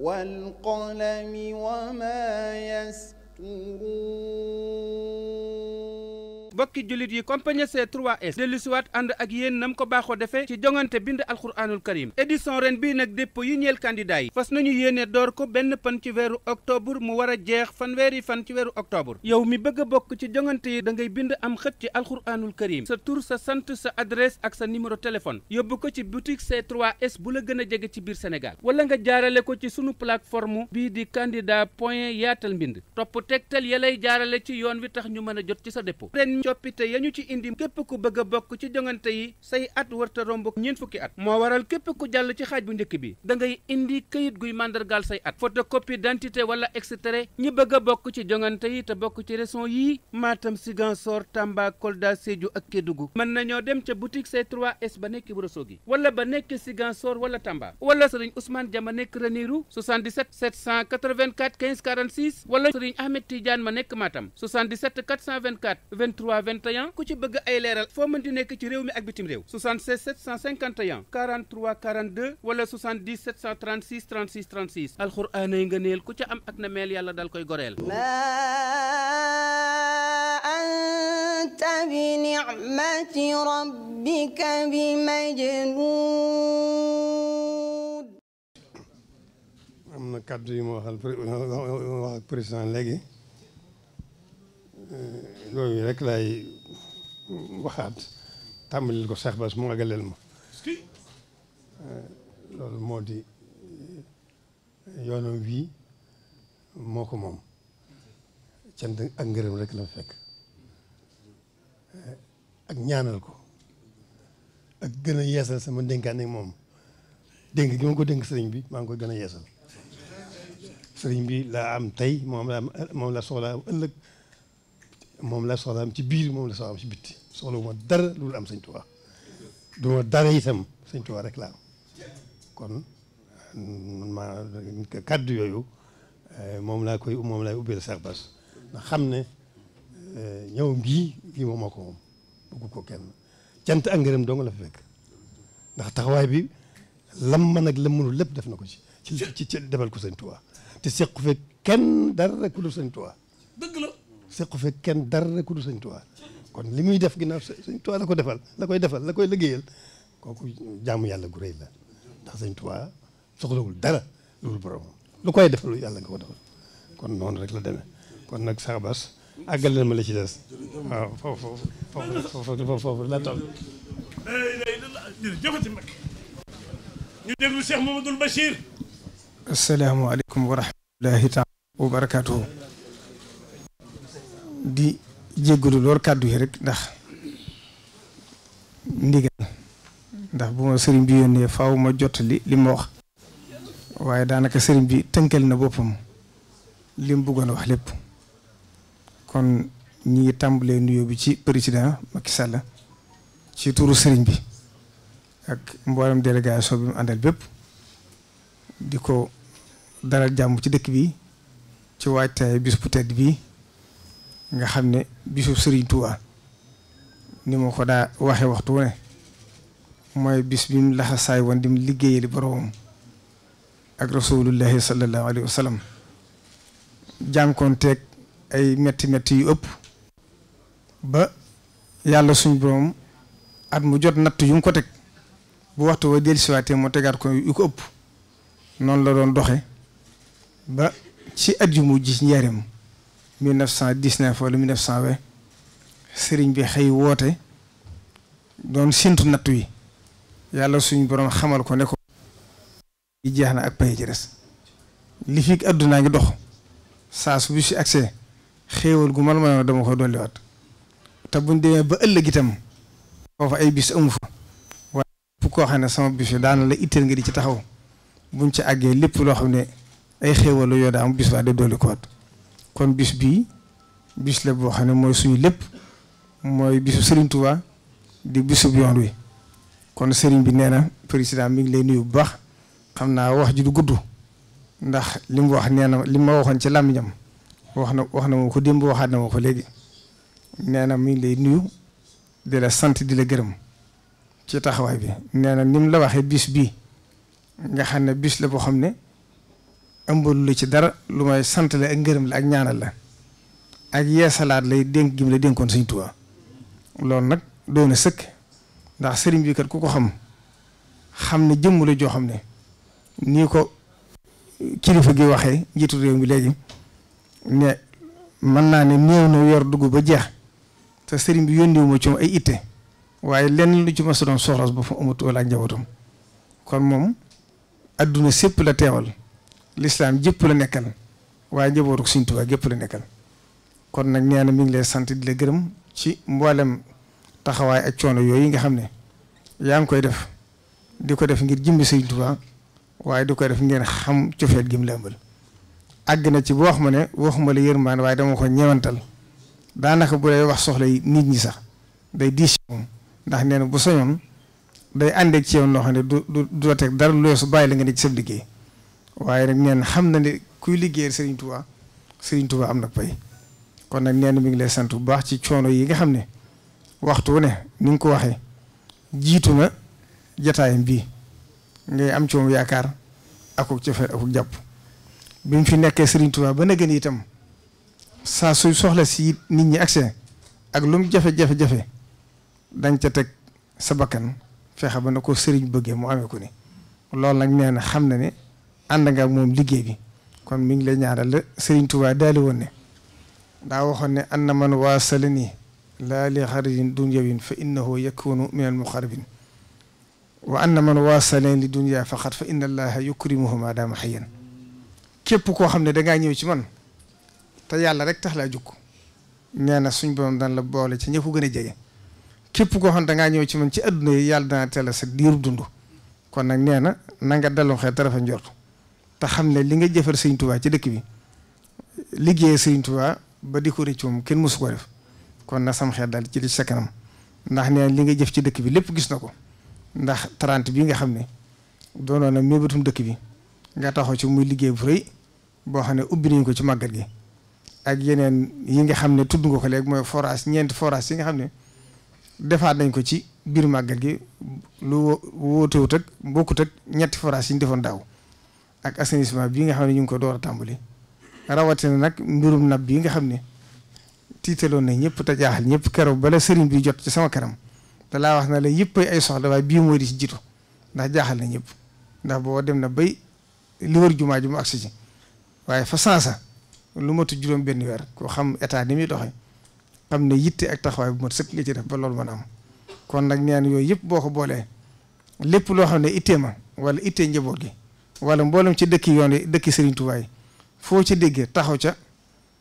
والقلم وما يسطرون mbokki jullit yi compagnie C3S dellu siwaat ànd ak yéen nam ko baaxoo defee ci jongante bind alxuraanul karim édition ren bii nag dépôt yi ñeel candidat yi fas nañu yéene door ko benn pan ci weeru octobre mu war a jeex fanweeri fan ci weeru octobre yow mi bëgg a bokk ci jongante yi da ngay bind am xët ci alxuraanul karim sa tur sa sant sa adresse ak sa numéro téléphone yóbbu ko ci boutique C3S bu la gën a jege ci biir Sénégal wala nga jaarale ko ci sunu plateforme bii di candidat point yaatal mbind topp tegtal ya lay jaarale ci yoon wi tax ñu mën a jot ci sa dépôt ren coppite ya ñu ci indi képp ku bëgg bokk ci joŋante yi say at warta romb ñeent fukki at moo waral képp ku jàll ci xaaj bu njëkk bi da ngay indi këyit guy màndargaal say at photocopie d'identité wala et cetera ñi bëgg a bokk ci joŋante yi te bokk ci régions yii Matam Ziguinchor Tamba Kolda Sédhiou ak Kédougou mën nañoo dem ca boutique C3S ba nekk Ibra Sogi wala ba nekk Ziguinchor wala Tamba wala Serigne Ousmane Diama nekk Ranérou 77 784 15 46 wala Serigne Ahmed Tidiane ma nekk Matam 77 424 23 ku ci bëgg ay leeral foo mën di nekk ci réew mi ak bitim réew 76 751 43 42 wala 70 736 alxuraan ay nga neel ku ci am ak na meel yàlla dal koy goreel anta bi na kàddu yu ma waxal Euh, yooyu rek laay waxaat tàmbalil ko Cheikh Bass mu àggaleel ma euh, loolu moo di euh, yoonam wii moo ko moom cant ak ngërëm rek la fekk ak ñaanal ko ak gën a yeesal sama dénkaane moom dénk gi ma ko dénk sëriñ bi maa ngi koy gën a yeesal sëriñ bi laa am tey moom laa moom la soxlaa ëllëg moom la soxla am ci biir moom la soxla am ci bitti soxla wu ma dara loolu am sëñ Tuubaa du ma dara itam sëñ rek la kon ma kàddu yooyu eh, moom laa koy moom laay ubbeel Cheikh xam ne eh, ñëw gii lii moom moo ko moom bëggu ko kenn cant ak ngërëm dong la fa fekk ndax tax taxawaay bi lam man ak lam mënul lépp def na ko ci ci ci defal ko sëñ Tuubaa te seq fekk kenn dara ku dul sequ fekk kenn dara ku du sëñ Tuubaa kon li muy def ginnaaw sëñ Tuubaa la ko defal la koy la koy liggéeyal kooku jaamu yàlla gu rëy la ndax sëñ Tuubaa soxlawul dara loolu borom lu koy defal yàlla nga ko defal kon noonu rek la demee kon nag sax bas àggal leen ma la ci des waaw foofu foofu foofu foofu la di jéggalu loolu kàddu yi rek ndax ndigal ndax bu ma sëriñ bi yónnee faaw ma jottali li ma wax waaye daanaka sëriñ bi tënkal na boppam lim mu bëggoon a wax lépp kon ñi ngi tàmbalee nuyoo bi ci président Macky Sall ci turu sëriñ bi ak mboolem délégation bi mu àndal bépp di ko dalal jàmm ci dëkk bi ci waajtaay bis bu tedd bii nga xam ne bisu Serigne Touba ni ma ko daa waxe waxtu ne mooy bis bi mu laxa di mu liggéeyal boromam ak rasulullahi sallallahu alayhi wa sallam jànkoonteeg ay metti metti yu ëpp ba yàlla suñ borom at mu jot natt yu mu ko teg bu waxtu wa dellusiwaatee moo tegaat ko yu ko ëpp noonu la doon doxe ba ci at yu mujj ci njaareem 1919 wala 1920 sëriñ bi xëy woote doon sintu natt wi yàlla suñu borom xamal ko ne ko jeex na ak pay ci des li àddunaa ngi dox saa su bi si accès xéewal gu mal ma dama koy dolliwaat te buñ demee ba ëllëg itam foofu ay bis amu fa waaye bu koo xam ne sama bis yi daana la itteel nga di ci taxaw buñ ci àggee lépp loo xam ne ay xéewal yoo daa am bis baa de dolli ko waat kon bis bii bis la boo xam ne mooy suñu lépp mooy bisu Serigne Touba di bisu yoon wi kon Serigne bi nee na président mi ngi lay nuyu bu baax xam naa wax ji du gudd ndax li mu wax nee na li ma waxoon ci làmmiñam wax na wax na ma ko démb waxaat na ma ko léegi nee na mi ngi lay nuyu di la sant di la gërëm ci taxawaay bi nee na ni mu la waxee bis bii nga xam ne bis la boo xam ne. ëmbal lu ci dara lu may sant la ak ngërëm la ak ñaanal la ak yee salaat lay dénk gim la dénkoon Sëriñ Tuubaa loolu nag doon na sëkk ndax sëriñ bi kat ku ko xam xam ne jëmm la joo xam ne nii ko kilifa gi waxe njiitu réew mi léegi ne mën naa ne néew na yor dugg ba jeex te sëriñ bi yónneewu ma ci ay itte waaye lenn lu ci ma sa doon soxla ba fa amatu wala ak njabootam kon moom adduna sépp la teewal. lislaam jëpp la nekkal waaye njabootu Sëriñ Tuubaa jëpp la nekkal kon nag nee na ngi lay sant di la gërëm ci mboolem taxawaay ak coono yooyu nga xam ne yaa ngi koy def di ko def ngir jëmbi Sëriñ Tuubaa waaye di koy def ngeen xam cofeet gi mu la ëmbal àgg na ci boo ma ne waxuma la yërmaan waaye dama ko ñewantal daanaka bu lay wax soxla yi nit ñi sax day diis moom ndax nee na bu soñoon day àndeeg ci yoon loo xam ne du du du teg dara lu su bàyyi la nga ne ci liggéey waaye nag nee xam na ne kuy liggéey Serigne Touba Serigne Touba am na pay kon nag nee na ngi lay sant bu baax ci coono yi nga xam ne waxtu ne ni ko waxee jiitu na jataayam bii ngay am ci yaakaar akuk cofeel akuk jàpp bi mu fi nekkee Serigne Touba ba nagën itam saa suy soxla si nit ñi accès ak lu jafe-jafe-jafe dañ ca teg sa bakkan fexe ba na ko Serigne bëggee mu amee ko ni nag nee xam na ne. ànd nga ak moom liggéey bi kon mi ngi lay ñaanal la Serigne Touba daali woon ne daa waxoon ne anna man waasala nii laa li xarajin dunyawin fa innahu yakunu min al muqarrabin wa anna man waasala li dunya faqat fa inna allaha yukrimuhu ma daama xayyan képp koo xam ne dangaa ñëw ci man te yàlla rek tax laa jukk nee na suñ borom daan la boole ci ña gën a jege képp koo xam ne dangaa ñëw ci man ci adduna yi yàlla danaa teel a sa diiru dund kon nag nee na na nga delloo xel tarafa njort te xam ne li nga jëfal sëñ ci dëkk bi liggéey sëñ ba di ko rëcc kenn mosu ko def kon na sam xel daal ci li sa kanam ndax nee li nga jëf ci dëkk bi lépp gis na ko ndax trente bi nga xam ne doonoon na mébétum dëkk bi nga taxaw ci muy liggéey bu rëy boo xam ne ubbi nañ ko ci màggal gi ak yeneen yi nga xam ne tudd nga ko léegi mooy forage ñeenti forage yi nga xam ne defaat nañ ko ci biir màggat gi lu wóotewut ak bokkut ak ñetti forage yi ñu defoon daaw ak assainissement bii nga xam ne ñu ngi ko door a tàmbali nag mbirum nag bii nga xam ne tiitaloon na ñëpp te jaaxal ñëpp keroog bala sëriñ bi jot ci sama kanam dalaa wax na la yëpp ay soxla waaye bii moo di ci jiitu ndax jaaxal na ñëpp ndax boo dem na bay li wër jumaa ji mu agsi ci waaye fa sansa lu matu juróom benn weer koo xam état ni muy doxee xam ne yitte ak taxawaay bu mat sëkk nga ci def ba loolu mën a am kon nag ñaan yooyu yëpp boo ko boolee lépp loo xam ne ittee ma wala ittee njaboot gi wala mboolem ci dëkki yoon yi dëkki Serigne Touba foo ci déggee taxaw ca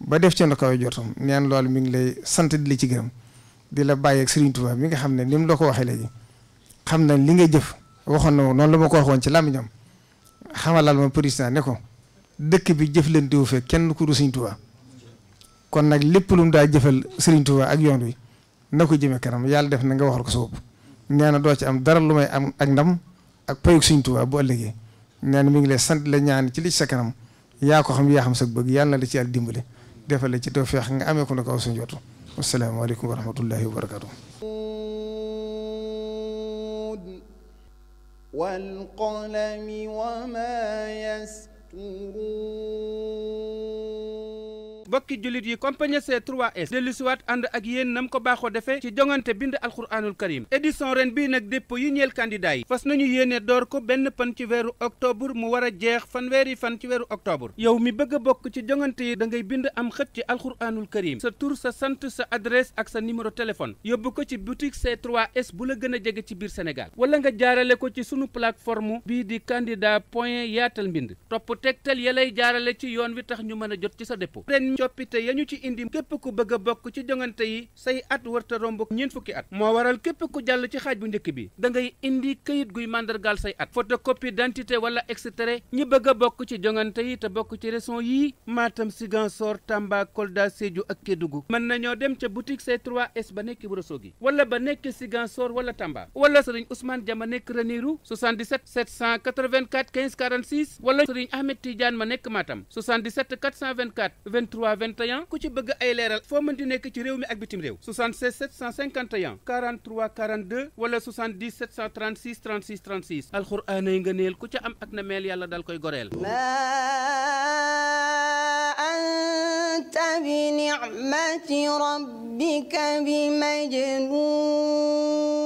ba def ca ndakaw jotam neen loolu mi ngi lay sant di la ci gërëm di la bàyyeeg Serigne Touba mi nga xam ne ni mu la ko waxee léegi xam na li nga jëf waxoon na noonu la ma ko waxoon ci làmmiñam xamalal ma président ne ko dëkk bi jëf leen diwu fee kenn ku du Serigne Touba kon nag lépp lu mu daa jëfal Serigne Touba ak yoon wi na ko jëmee kanam yàlla def na nga waxal ko sa bopp nee na doo ci am dara lu may am ak ndam ak payug Serigne Touba naan na mi ngi lay sant la ñaan ci li ci sa kanam yaa ko xam yaa xam sa bëgg yàlla na la ci yàlla dimbale defal la ci tawfeex nga amee ko kaw suñu jotu wasalaamaaleykum wa rahmatullahi wa barakaatu. والقلم وما يسطرون bokki jullit yi compagnie C3S dellu ànd ak yéen nam ko baaxoo defee ci jongante bind alxuraanul karim édition ren bi nag dépôt yi ñeel candidat yi fas nañu yéene door ko benn pan ci weeru octobre mu war a jeex fanweeri fan ci weeru octobre yow mi bëgg bokk ci jongante yi da ngay bind am xët ci alxuraanul karim sa tur sa sant sa adresse ak sa numéro téléphone yóbbu ko ci boutique c 3 bu la gën a jege ci biir Sénégal wala nga jaarale ko ci sunu plateforme bii di candidat point yaatal mbind topp tegtal ya lay jaarale ci yoon wi tax ñu mën a jot ci sa dépôt coppite ya ñu ci indi képp ku bëgg bokk ci jongante yi say at warta romb ñeent fukki at moo waral képp ku jàll ci xaaj bu njëkk bi da ngay indi këyit guy màndargaal say at photocopie d'identité wala extrait ñi bëgg a bokk ci jongante yi te bokk ci région yii Matam Ziguinchor Tamba Kolda Sédhiou ak Kédougou mën nañoo dem ca boutique C3S ba nekk Ourossogui wala ba nekk Ziguinchor wala Tamba wala Serigne Ousmane Dia ma nekk Ranérou 77 784 15 46 wala Serigne Ahmed Tidiane ma nekk Matam 77 424 23 23 21 ku ci bëgg ay leeral foo mën di nekk ci réew mi ak bitim réew 76 751 43 42 wala 70 736 36 36 alxuraan ay nga neel ku am ak na meel yàlla dal koy goreel bi ni'mati rabbika bi majnun